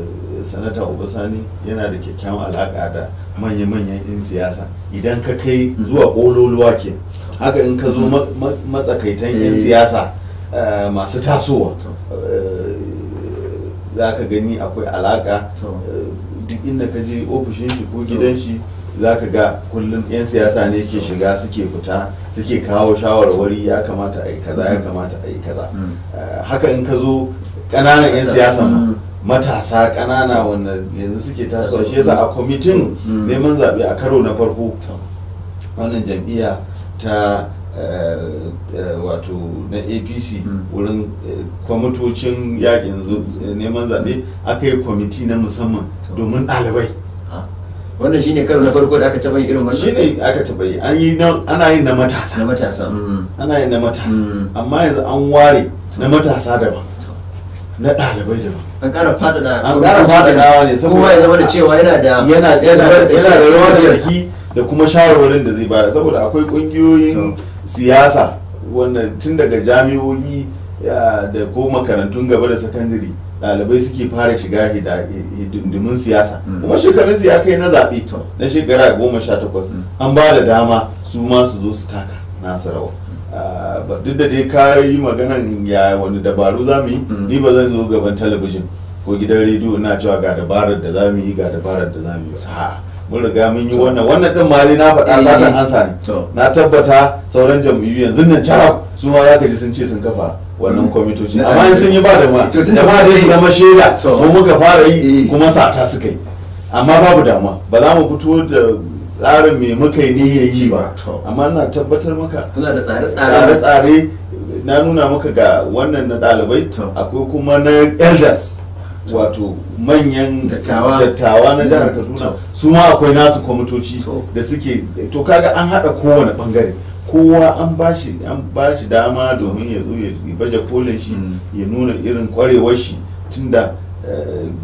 sanata obasani yana da kyakkyawan alaka da manya-manyan 'yan siyasa idan ka kai hmm. zuwa ƙololuwa ke haka in ka zo hmm. matsakaitan 'yan eh. siyasa eh, masu tasowa za ka gani akwai alaka duk inda ka je ofishin shi ko gidan shi za ka ga kullum 'yan siyasa ne ke shiga suke fita suke kawo shawarwari ya kamata a yi kaza ya hmm. kamata a yi kaza haka in ka zo ƙananan 'yan siyasa mm. matasa ƙanana wanda yanzu suke tasowa shi yasa a kwamitin mm. neman zaɓe a karo na farko wannan jam'iyya ta eh, eh, wato na apc mm. wurin eh, kwamitocin yakin neman zaɓe aka yi kwamiti na musamman domin ɗalibai ah. wannan shine karo na farko da aka taɓa irin wannan shine aka taɓa yi ana yin na matasa na matasa ana yin na matasa amma yanzu an ware na matasa daban na ɗalibai daban an ƙara fata an ƙara fata ne saboda ya zama da cewa yana da yana da rawar da da kuma shawarwarin da zai bada saboda akwai ƙungiyoyin siyasa wannan tun daga jami'o'i da ko makarantun gaba da sakandare ɗalibai suke fara shiga hidindimin siyasa mm. kuma shekarun ya kai na zaɓe na shekara goma sha takwas mm. an ba da dama su ma su zo su taka nasu rawa Ah, duk da dai ka yi maganan ya wani dabaru za mu yi mm-hmm. ni ba zan zo gaban talabijin ko gidan rediyo na cewa ga dabarar da za mu yi ga dabarar da za mu yi ha mun riga mun yi wannan wannan din ma na faɗa satan eh. ansa ne na tabbata sauran jam'iyyu yanzu nan carab su ma zaka ji sun ce sun kafa wannan mm-hmm. kwamitoci amma in sun yi ba da ma da dai su eh. zama shaida mu muka fara yi eh. kuma sata suka yi amma babu damuwa ba za mu fito da tsarin mai muka ne ya yi ba amma na tabbatar maka tsare-tsare na nuna maka ga wannan na ɗalibai akwai kuma na elders wato manyan dattawa na jihar kaduna su ma akwai nasu kwamitoci da suke to kaga an hada kowane bangare kowa an bashi an bashi dama domin ya zo ya baje kolin shi mm. ya nuna irin kwarewar shi tunda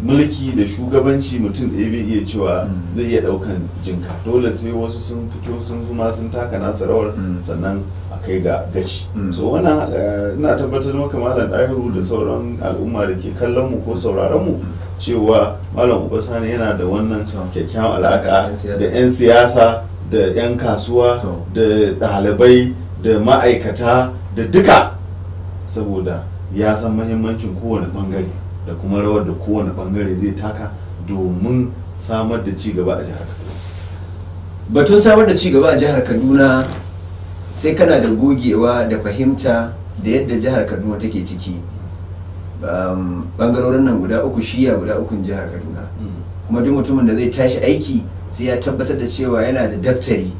mulki da shugabanci mutum ɗaya bai iya cewa hmm. zai iya ɗaukan jinka dole sai wasu sun fito sun zuma sun taka nasa rawar hmm. sannan a kai ga gashi. Hmm. so wana eh, ina tabbatar maka malam ɗahiru da sauran al'umma da ke kallon mu ko sauraron mu cewa malam ubasani yana da wannan kyakkyawan alaka da 'yan siyasa da 'yan kasuwa da ɗalibai da ma'aikata da duka saboda ya san mahimmancin kowane bangare. da kuma rawar da kowane bangare zai taka domin samar da ci gaba a jihar batun samar da ci gaba a jihar kaduna sai kana da gogewa da fahimta da yadda jihar kaduna take ciki bangarorin nan guda uku shiya guda ukun jihar kaduna mm. kuma duk mutumin da zai tashi aiki sai ya tabbatar da cewa yana da daftari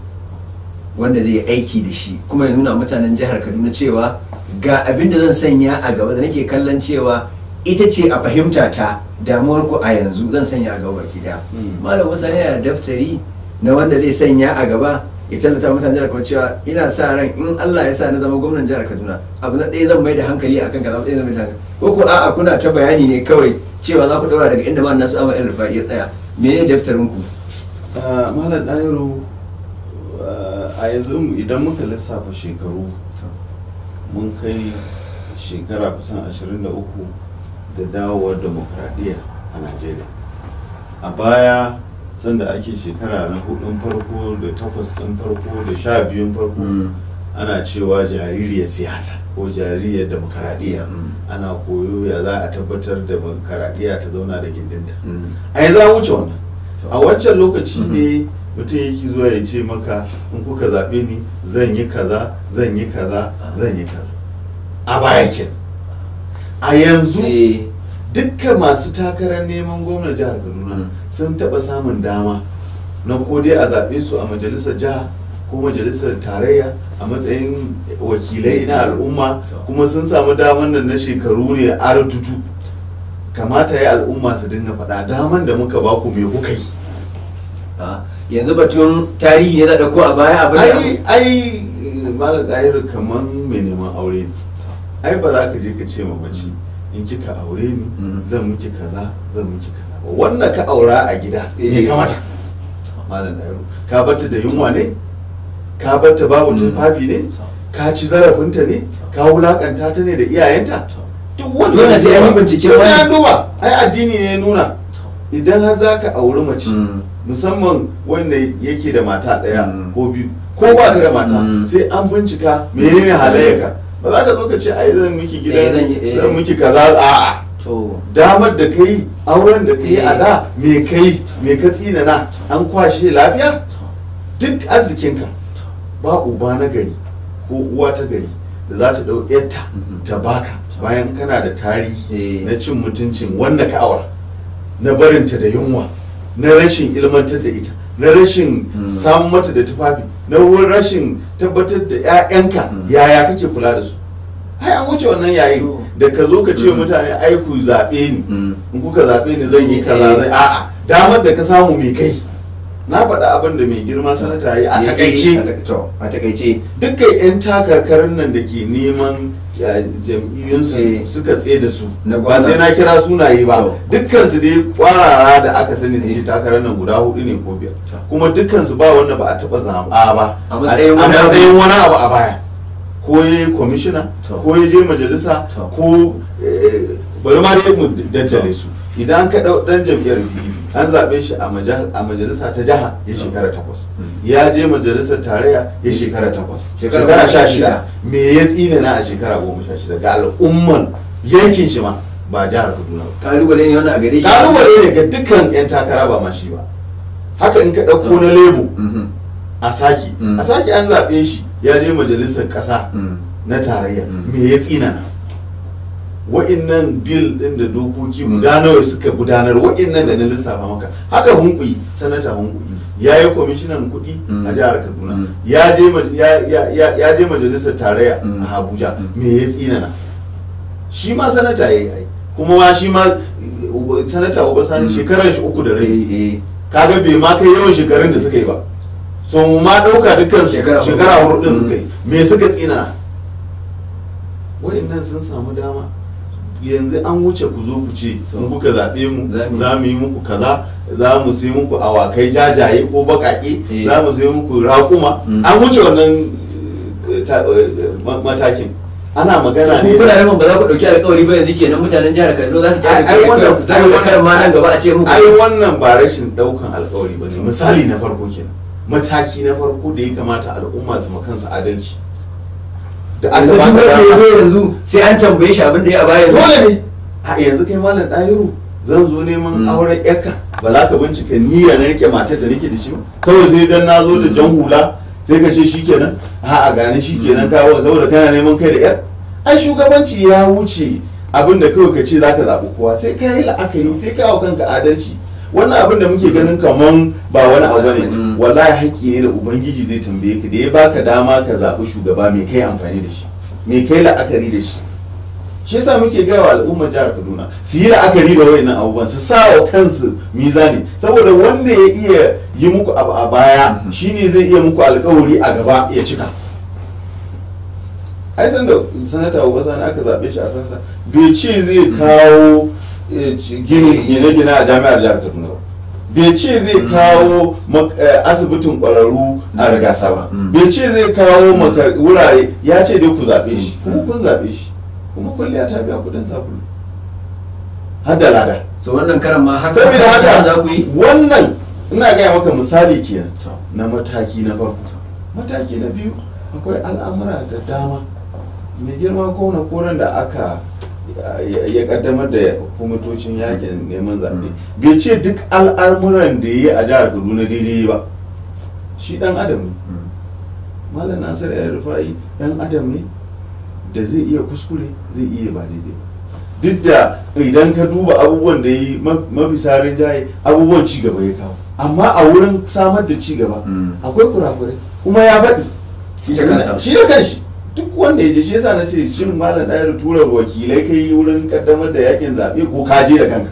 wanda zai aiki da shi kuma ya nuna mutanen jihar kaduna cewa ga abin da zan sanya a gaba da nake kallon cewa ita ce a fahimta ta damuwar ku a yanzu zan sanya a gaba ki daya hmm. malam musa yana da daftari na wanda zai sanya a gaba ya tallata mutane jihar Kaduna cewa ina sa ran in Allah ya sa na zama gwamnan jihar Kaduna abu na ɗaya zan mai da hankali akan kaza ɗaya zan mai da hankali ko ko a'a kuna ta bayani ne kawai cewa za ku ɗora daga inda ma nasu amma ɗan rufa'i ya tsaya mene daftarin ku ah, malam ɗayaro ah, a yanzu idan muka lissafa shekaru mun kai shekara kusan ashirin da uku. da dawowar demokradiyya a najeriya a baya sanda ake shekara na hudun farko da takwas din farko da sha biyun farko mm. ana cewa jaririyar siyasa ko jaririyar demokaradiyya mm. ana koyo ya za a tabbatar da demokradiyya ta zauna da gindinta mm. a za wuce wannan a wancan lokaci mm-hmm. ne mutum yake zuwa ya ce maka in kuka zaɓe ni zan yi kaza zan yi kaza ah. zan yi kaza a baya kenan a yanzu eh. dukkan masu takarar neman gwamnan jihar kaduna hmm. sun taɓa samun dama na dai a zaɓe su a majalisar jiha ko majalisar tarayya a matsayin wakilai na al'umma kuma sun samu daman nan na shekaru ne a ardutu kamata ya al'umma su dinga faɗa daman da muka ba ku me kuka yi ah, yanzu batun tarihi ne da ko a baya abin ai ai malam dahiru kaman mai neman aure ne ai ba za ka je ka ce ma mace in kika aure ni mm-hmm. zan miki kaza zan miki kaza ba wannan ka aura a gida ya eh. kamata malam dairo ka barta da yunwa ne ka barta babu mm-hmm. tufafi ne ka ci zarafinta ne ka wulakanta ta ne da iyayenta duk wannan sai an bincike sai an duba ai addini ne nuna idan har za ka auri mace mm. musamman wanda yake da mata ɗaya mm. ko biyu ko ba ka da mata mm. sai an bincika menene halayyarka ba za ka zo ka ce ai zan miki gida eh, eh. miki kaza damar da kai auren da kai a eh. da me kai me ka tsina na an kwashe lafiya duk arzikinka ba uba na gari ko uwa ta gari da za ta dau yarta mhm. ta baka bayan kana da tarihi na cin mutuncin wanda ka aura na barinta da yunwa na rashin ilmantar da ita na rashin hmm. samun mata da tufafi na rashin tabbatar da 'ya'yanka mm. yaya kake kula da su ai an wuce wannan yayin da ka zo ka ce mm. mutane aiku ku zaɓe ni mm. in kuka zaɓe ni zan yi kaza eh. zai a'a damar da ka samu mai kai na faɗa abin da mai girma sanata ya yi a takaice a takaice dukkan 'yan takarkarin nan da ke neman su eh. suka tsaye da su ba sai na kira sunaye ba dukkansu dai kwarara da aka sani su eh. takarar nan guda hudu ne ko biyar kuma dukkansu ba wanda ba a taɓa zama ba a matsayin wani abu a baya ko ya yi kwamishina ko ya je majalisa ko eh, bari ma dai mu daddare su idan ka ɗau ɗan jam'iyyar pdp an zaɓe shi a majalisa ta jiha ya mm. shekara takwas mm. ya je majalisar tarayya ya shekara takwas shekara sha shida me ya tsina na a shekara goma sha shida ga al'umman yankin shi ma ba jihar kaduna ba kalubale ne wanda a gare shi kalubale ne ga dukkan yan takara ba ma shi ba haka in ka ɗauko na mm. lebo mm-hmm. a saki a saki an zaɓe shi ya je majalisar ƙasa na tarayya me ya tsina na wa'innan bil din da dokoki guda suka gudanar wa'innan da na lissafa maka haka hunkuyi sanata hunkuyi ya yi kwamishinan kuɗi a mm. jihar kaduna mm. ya je majalisar tarayya a mm. abuja me ya tsinana shi ma sanata ya yi kuma ma shi ma sanata obasani shekarar shi uku da rai eh, eh. kaga bai ma kai yawan shekarun da suka yi ba so mu ma ɗauka dukkan shekara hudu din suka yi me suka tsina wa'annan sun samu dama yanzu an wuce ku zo ku ce mu kuka zaɓe mu za mu yi muku kaza za mu sai muku awakai jajaye ko baƙaƙe eh. za mu sai muku raƙuma mm. an wuce wannan eh, eh, matakin ana magana ne kuna rabin ba za ku dauki alƙawari ba yanzu kenan mutanen jihar Kaduna za su ta dauki alkawari za ku kar ma nan gaba a ce muku ai wannan ba rashin daukan alƙawari bane misali na farko kenan mataki na farko da ya kamata al'umma su makansa adalci da yanzu sai an tambaye shi abin da ya baya dole ne a yanzu kai malam ɗayiru zan zo neman hmm. auren yarka ba za ka bincika niyya na rike matar da nake da shi ba kawai sai dan na zo da jan hmm. hula sai ka ce shikenan a a gane shikenan kawo saboda kana neman kai da yar ai shugabanci ya wuce abin da kawai ka ce za ka zaɓi kowa sai ka yi la'akari sai ka hau kanka adalci wannan abin da muke ganin kaman ba wani abu ne mm. wallahi haƙƙi ne da ubangiji zai tambaye ka da ya baka dama ka zaɓi shugaba mai kai amfani da shi mai kai la'akari da shi shi yasa muke gaya wa al'ummar jihar kaduna su yi la'akari da wayannan abubuwan su sa wa kansu mizani saboda wanda ya iya yi muku abu a baya mm-hmm. shine zai iya muku alkawari a gaba ya cika ai san da sanata Sani aka zaɓe shi a sanata bai ce zai mm-hmm. kawo eh, gine-gine a jami'ar jihar kaduna Mm. Eh, mm. mm. bai ce zai kawo asibitin kwararru a rigasa ba bai ce zai kawo wurare ya ce dai ku zaɓe shi kuma kun zaɓe shi kuma kulliya ta biya kuɗin sabulu har da lada so wannan karan ma har saboda haka za ku yi wannan ina gaya maka misali kenan na mataki na farko mataki na biyu akwai al'amura da dama mai girma ko na koren da aka ya kaddamar da hukumatocin yakin neman zaɓe bai ce duk al'amuran da ya yi a jihar kaduna daidai ba shi dan adam ne malam nasir ya rufa'i dan adam ne da zai iya kuskure zai iya ba daidai duk da idan ka duba abubuwan da yi mafisa jaye abubuwan cigaba ya kawo amma a wurin samar da cigaba mm. akwai kurakurai kuma ya faɗi shi da kanshi duk wanda ya je shi yasa na ce shin malam ɗayar tura wakilai kai wurin kaddamar da yakin zaɓe ko ka je da kanka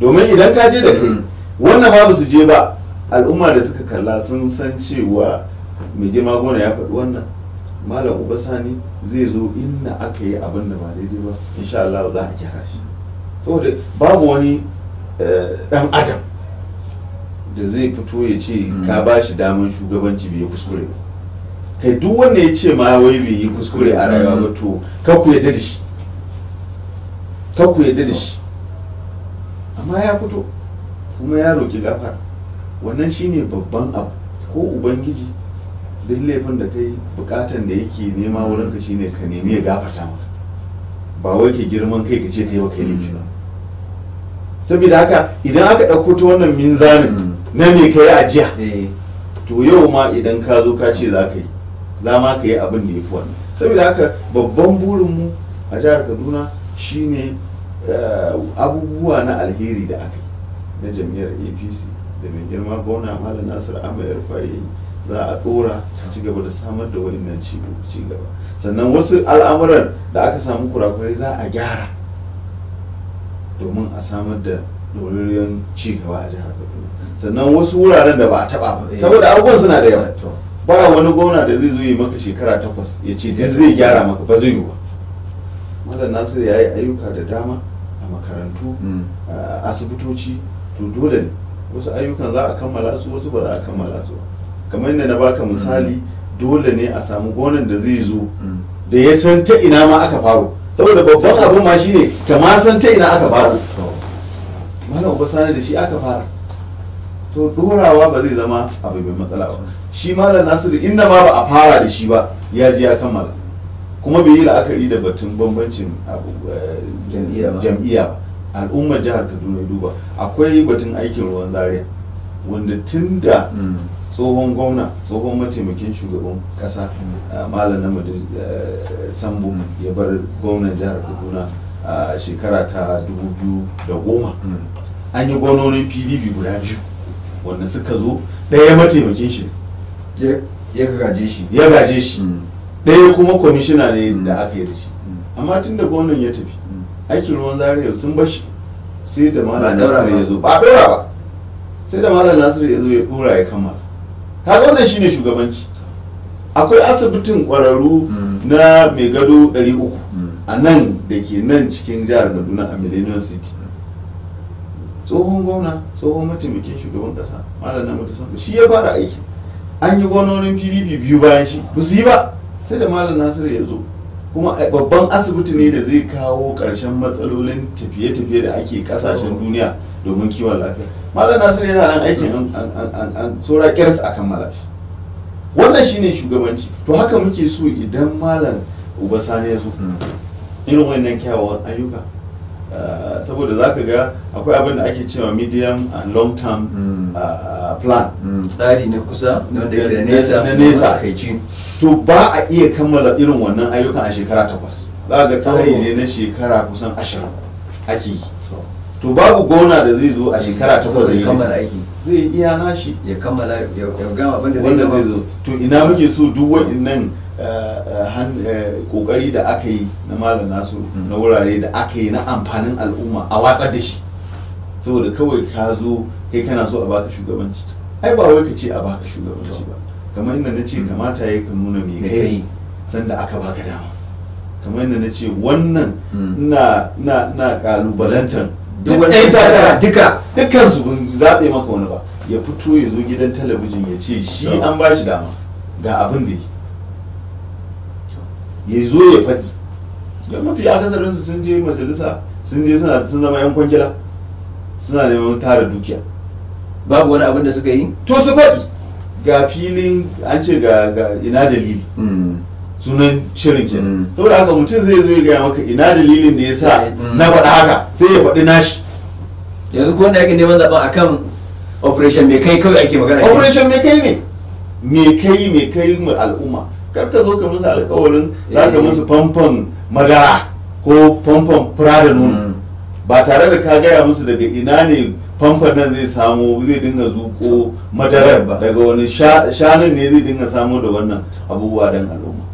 domin idan ka je da kai wannan ma su je ba al'umma da suka kalla sun san cewa mai girma gona ya faɗi wannan malam uba sani zai zo inda aka yi abin da ba daidai ba insha Allah za a gyara shi saboda babu wani eh, ɗan adam da zai fito ya ce ka ba shi daman shugabanci bai kuskure ba kai duk wanda ya ce ma wai bai yi kuskure a rayuwa ba to ka ku yadda da shi ka ku yadda da shi amma ya fito kuma ya roki gafar wannan shine babban abu ko ubangiji duk laifin da kai bukatan da yake nema wurin ka shine ka nemi ya gafarta maka ba wai ke girman kai ka ce kai ba kai laifi ba saboda haka idan aka ɗauko ta wannan minzanin na me kai ajiya eh. to yau ma idan ka zo ka ce za ka yi za ma ka yi abin da ya fi wannan saboda haka babban burinmu a jihar kaduna shine eh, abubuwa na alheri da aka yi na jam'iyyar apc da mai girma gwamna malam nasir ahmed rufai za a dora ci gaba da samar da wa'annan ci gaba sannan wasu al'amuran da aka samu kurakurai za a gyara domin a samar da doririyan ci gaba a jihar kaduna sannan wasu wuraren da ba a taba ba saboda abubuwan suna da yawa ba wani gwamna da zai zo yi maka shekara takwas ya ce duk zai gyara maka ba zai yi ba malam nasir ya yi ayyuka da dama a makarantu mm. a asibitoci to dole ne wasu ayyukan za a kammala su wasu ba za a kammala su ba kamar yadda na baka misali mm. dole ne a samu gonan da zai zo mm. da ya san ta ina ma aka faro saboda babban abin ma shine ka ma san ta ina aka faro malam uba sani da shi aka fara to dorawa ba zai zama abu mai matsala ba shi malam nasiru inda ma ba a fara da shi ba ya ji ya kammala kuma bai yi la'akari da batun bambancin eh, jam'iyya ba al'ummar jihar kaduna duba akwai batun aikin ruwan Zariya. wanda tun da hmm. tsohon gwamna tsohon mataimakin shugaban kasa hmm. eh, malam na eh, sambo hmm. ya bar gwamnan jihar kaduna a shekara ta 2010 an yi gwanonin pdp guda biyu wanda suka zo ɗaya mataimakin shi ya gaje shi ya gaje shi mm. ɗaya kuma kwamishina ne da mm. aka yi da shi mm. amma tun da gwamnan ya tafi aikin ruwan zaria sun bashi sai da malam nasiru ya zo ba ɗora ba sai da malam nasiru ya zo ya ɗora ya kammala kaga wannan shine shugabanci akwai asibitin ƙwararru na mai gado ɗari uku. a nan da ke nan cikin jihar kaduna a millennium city tsohon gwamna tsohon mataimakin shugaban ƙasa malam na mutu shi ya fara aiki an yi gwanonin pdp biyu bayan shi ba su yi ba sai da malam nasiru ya zo kuma eh, babban asibiti ne da zai kawo ƙarshen matsalolin tafiye-tafiye da ake kasashen duniya domin kiwon lafiya malam nasiru yana nan aikin an saura ƙyars a kammala shi wannan shine shugabanci to haka muke so idan malam uba sani ya zo hmm. irin wannan kyawawan ayyuka Eh, saboda za ka ga akwai abin da ake cewa medium and long term hmm. eh, plan hmm. tsari na kusa wanda ke nesa na nesa to ba a iya kammala irin wannan ayyukan a shekara takwas za ga tsari ne na shekara kusan ashirin ake yi to babu gona da zai zo a shekara hmm. takwas zai kammala aiki zai iya nashi ya kammala ya gama abin da zai zo to ina muke so duk wa'annan Eh, eh, eh, kokari da aka yi na malam nasu na wurare da aka yi na amfanin al'umma a watsar da shi saboda kawai ka zo kai kana so a baka shugabanci ai ba wai ka ce a baka shugabanci ba kamar inda na ce kamata ya ka nuna mai kai sanda aka baka dama kamar inda na ce wannan hmm. na na kalubalantan duk wani takara duka dukkan su zaɓe maka wani ba ya fito ya zo gidan talabijin ya ce shi an ba shi dama ga abin da yi ya zo ya faɗi don mafi akasarin su sun je majalisa sun je suna sun zama yan kwangila suna neman tara dukiya babu wani abin da suka yi to su faɗi ga filin an ce ga ina dalili mm. sunan shirin kenan mm. saboda haka mutum zai zo ya gaya maka ina dalilin da ya sa mm. na faɗa haka sai ya faɗi nashi yanzu ko wanda yake neman zaɓen akan operation mai kai kawai ake magana operation mai kai ne mai kai mai kai mu al'umma kar ka zo ka musu alkawarin za ka eh. musu famfon madara ko famfon fura da nono mm. ba tare da ka gaya musu daga ina ne famfon nan zai samu zai dinga zuko madarar daga wani shanun ne zai dinga samu da wannan abubuwa don al'umma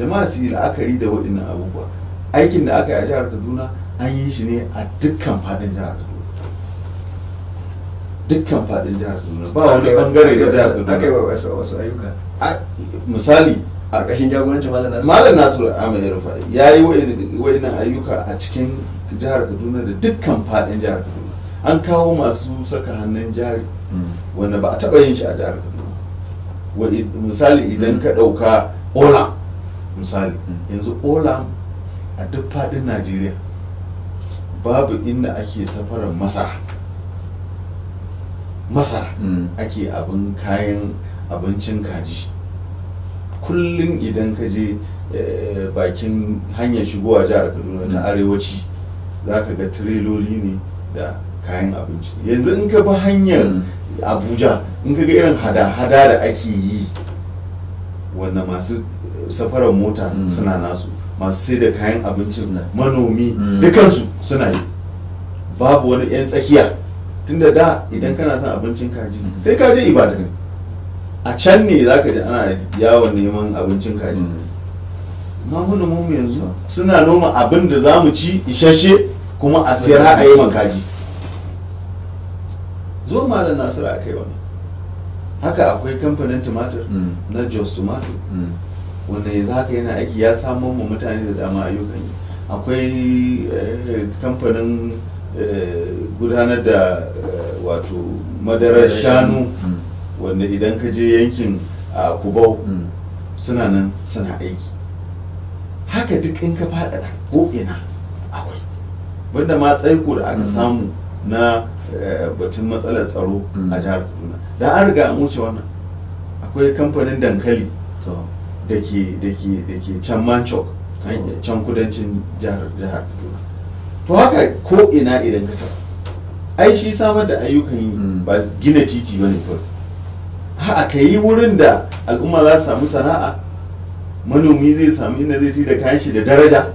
jama'a su yi la'akari da waɗannan abubuwa aikin da aka yi a jihar kaduna an yi shi ne a dukkan faɗin jihar kaduna dukkan faɗin jihar kaduna ba wani bangare da jihar kaduna misali a ƙashin jagorancin malam nasiru malam nasiru ahmed rufa ya yi wa'inan ayyuka a cikin jihar kaduna da dukkan faɗin jihar kaduna an kawo masu saka hannun jari wanda ba a taɓa yin shi a jihar kaduna misali idan ka ɗauka olam misali yanzu olam a duk faɗin najeriya babu inda ake safarar masara masara hmm. ake abin kayan abincin kaji kullum idan ka je eh, bakin hanyar a jihar kaduna ta arewaci za ka ga tireloli ne da kayan abinci yanzu in ka bi hanyar abuja in ka ga irin hada-hada da ake yi wanda masu eh, safarar mota mm. suna nasu masu sai da kayan abincin manomi mm. dukansu suna yi babu wani 'yan tsakiya tunda da idan kana son abincin kaji mm. sai kaji ibadan a can ne za ka ji ana yawon neman abincin kaji mm. magunan mu yanzu suna noma abin da za mu ci isasshe kuma a siyar a yi kaji zo malam nasiru a kai wani haka akwai kamfanin tumatir mm. na jos tumatir mm. wanda yanzu haka yana aiki ya samun mu mutane da dama ayyukan yi akwai eh, kamfanin eh, gudanar da eh, wato madarar shanu wanda idan ka je yankin kubau hmm. suna nan suna aiki haka duk in ka faɗaɗa ko ina akwai wanda ma tsaiko da aka hmm. samu na eh, batun matsalar tsaro hmm. a jihar kaduna da an riga an wuce wannan akwai kamfanin dankali da ke can manchok oh. can kudancin jihar kaduna to haka ko ina idan ka taɓa ai shi samar da ayyukan yi ba gina titi ba ne kawai a ka yi wurin da al'umma za su samu sana'a manomi zai samu inda zai ci da kayan shi da daraja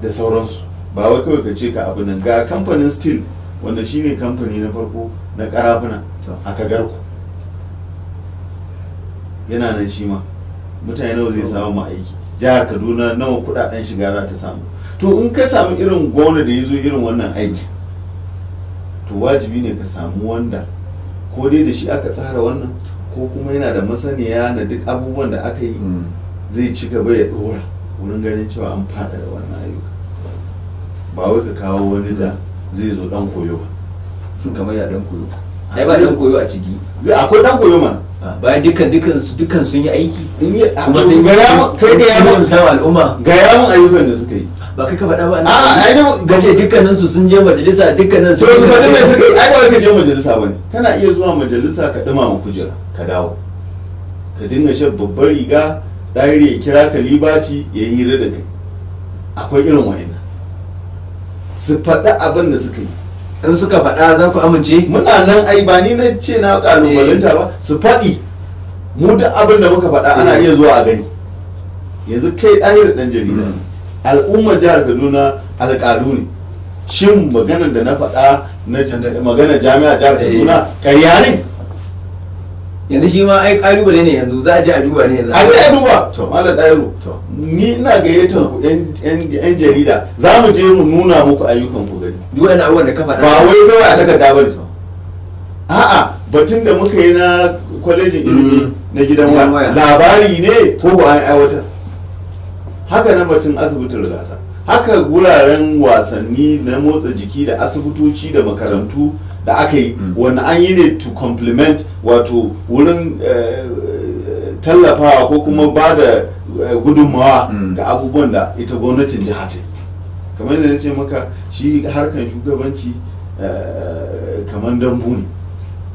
da sauransu ba wai kawai ka ce ka abu nan ga kamfanin steel wanda shine kamfani na farko na karafuna a kagarku yana nan shi ma mutane nawa zai samu ma aiki jihar kaduna nawa kudaden shiga za ta samu to in ka samu irin gwamna da ya zo irin wannan aiki to wajibi ne ka samu wanda ko dai da shi aka tsara wannan ko kuma yana da masaniya na duk abubuwan da aka yi hmm. zai ci gaba ya dora wurin ganin cewa an fada da wannan ayyuka ba wai ka kawo wani da zai zo dan koyo ba kamar ya dan koyo ah, ai ba dan koyo a ciki zai akwai dan koyo mana ah, bayan dukkan dukkan dukkan sun yi aiki ah, kuma sun ga ya kai da ya mun ta al'umma ga ya mun ayyukan da suka yi ba kai ka faɗa ba a ai ne gace su sun je majalisa dukkanin su to su faɗi mai suka ai ba ka je majalisa bane kana iya zuwa majalisa ka dumama kujera ka dawo ka dinga shan babbar riga ɗahiri ya kira ka libaci ya yi hira da kai akwai irin wa'ina su faɗa abin da suka yi in suka faɗa za ku amince muna nan ai ba ni na ce na ƙalubalanta ba eh. su faɗi mu duk abin da muka faɗa ana iya zuwa a gani yanzu kai da ɗan jarida hmm. al'ummar jihar kaduna alƙalu ne shin maganar da na faɗa na magana jami'a jihar eh. kaduna ƙarya ne yanzu shi ma ai ƙalubale ne yanzu za a je a duba ne yanzu a ji a duba malam dairu ni ina gayyatar ku yan jarida za mu je mu nuna muku ayyukan ku gani duk wani abubuwan da kafa faɗa ba wai kawai a takarda ba ne a'a batun da muka yi na kwalejin mm. ilimi na gidan waya labari ne ko ba an aiwatar haka na batun asibitin rigasa haka guraren wasanni na motsa jiki da asibitoci da makarantu da aka yi mm. wani an yi ne to complement wato wurin eh, tallafawa ko kuma mm. ba da eh, gudunmawa mm. ga abubuwan da ita gwamnatin jiha ta kamar yadda na ce maka shi harkar shugabanci eh, kamar dambu ne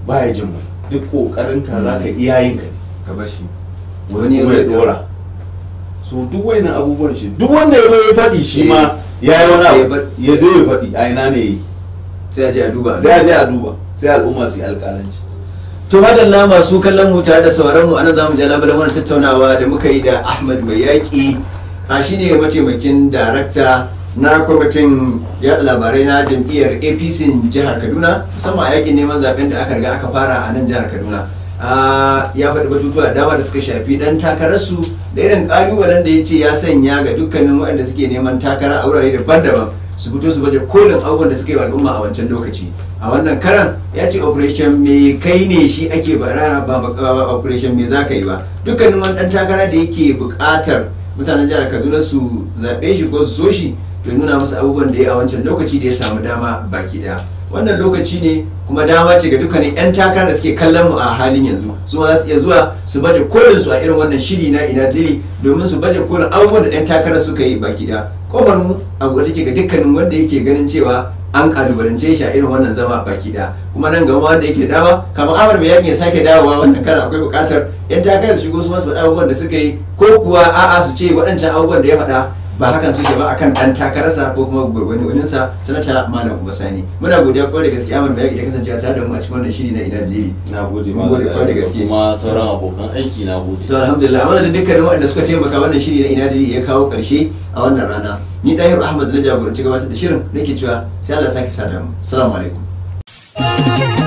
ba ya jin duk kokarin ka za ka iyayen ka ne ka bashi wani ya dora so duk wayannan abubuwan shi duk wanda ya yi ya faɗi shi ma ya yi wani abu eh, ya zo ya faɗi a ina ne yi sai a je a duba sai a je a duba sai al'umma su yi alƙalanci to madalla masu kallon mu tare da sauran mu anan zamu je labarin wani tattaunawa da muka yi da Ahmad mai yaƙi a shine mataimakin darakta na kwamitin yaɗa labarai na jam'iyyar apc jihar kaduna musamman a yakin neman zaben da aka riga aka fara a nan jihar kaduna ya faɗi batutuwa dama da suka shafi ɗan takararsu da irin ƙalubalen da ya ce ya sanya ga dukkanin waɗanda suke neman takara a wurare daban-daban su fito su baje kolin abubuwan da suka yi al'umma a wancan lokaci a wannan karan ya ce operation me kai ne shi ake barara ba operation me za ka yi ba dukkanin wani ɗan takara da yake buƙatar mutanen jihar kaduna su zaɓe shi ko su so shi to nuna musu abubuwan da ya a wancan lokaci da ya samu dama baki ɗaya wannan lokaci ne kuma dama ce ga dukkanin 'yan takara da suke kallon mu a halin yanzu su ma za su iya zuwa su baje kolin su a irin wannan shiri na ina dili domin su baje kolin abubuwan da 'yan takara suka yi baki da kofar mu a ke ga dukkanin wanda yake ganin cewa an kalubalance shi a irin wannan zama baki da kuma nan gama wanda yake dama kamar amur mai yakin ya sake dawowa wannan kara akwai bukatar yan takarar shigo su masu faɗa abubuwan da suka yi ko kuwa a'a su ce waɗancan abubuwan da ya faɗa ba hakan suke ba akan dan takararsa ko kuma gurgurni waninsa sanata malam kuma sani muna godiya kwarai da gaske amma bayaki da kasance ta da mu a cikin wannan shiri na ina dili na gode ma gode kwarai da gaske kuma sauran abokan aiki na gode to alhamdulillah amma da dukkanin waɗanda suka taimaka wannan shiri na ina dili ya kawo ƙarshe a wannan rana ni dahir ahmad na jagoranci gabatar da shirin nake cewa sai Allah saki sada assalamu alaikum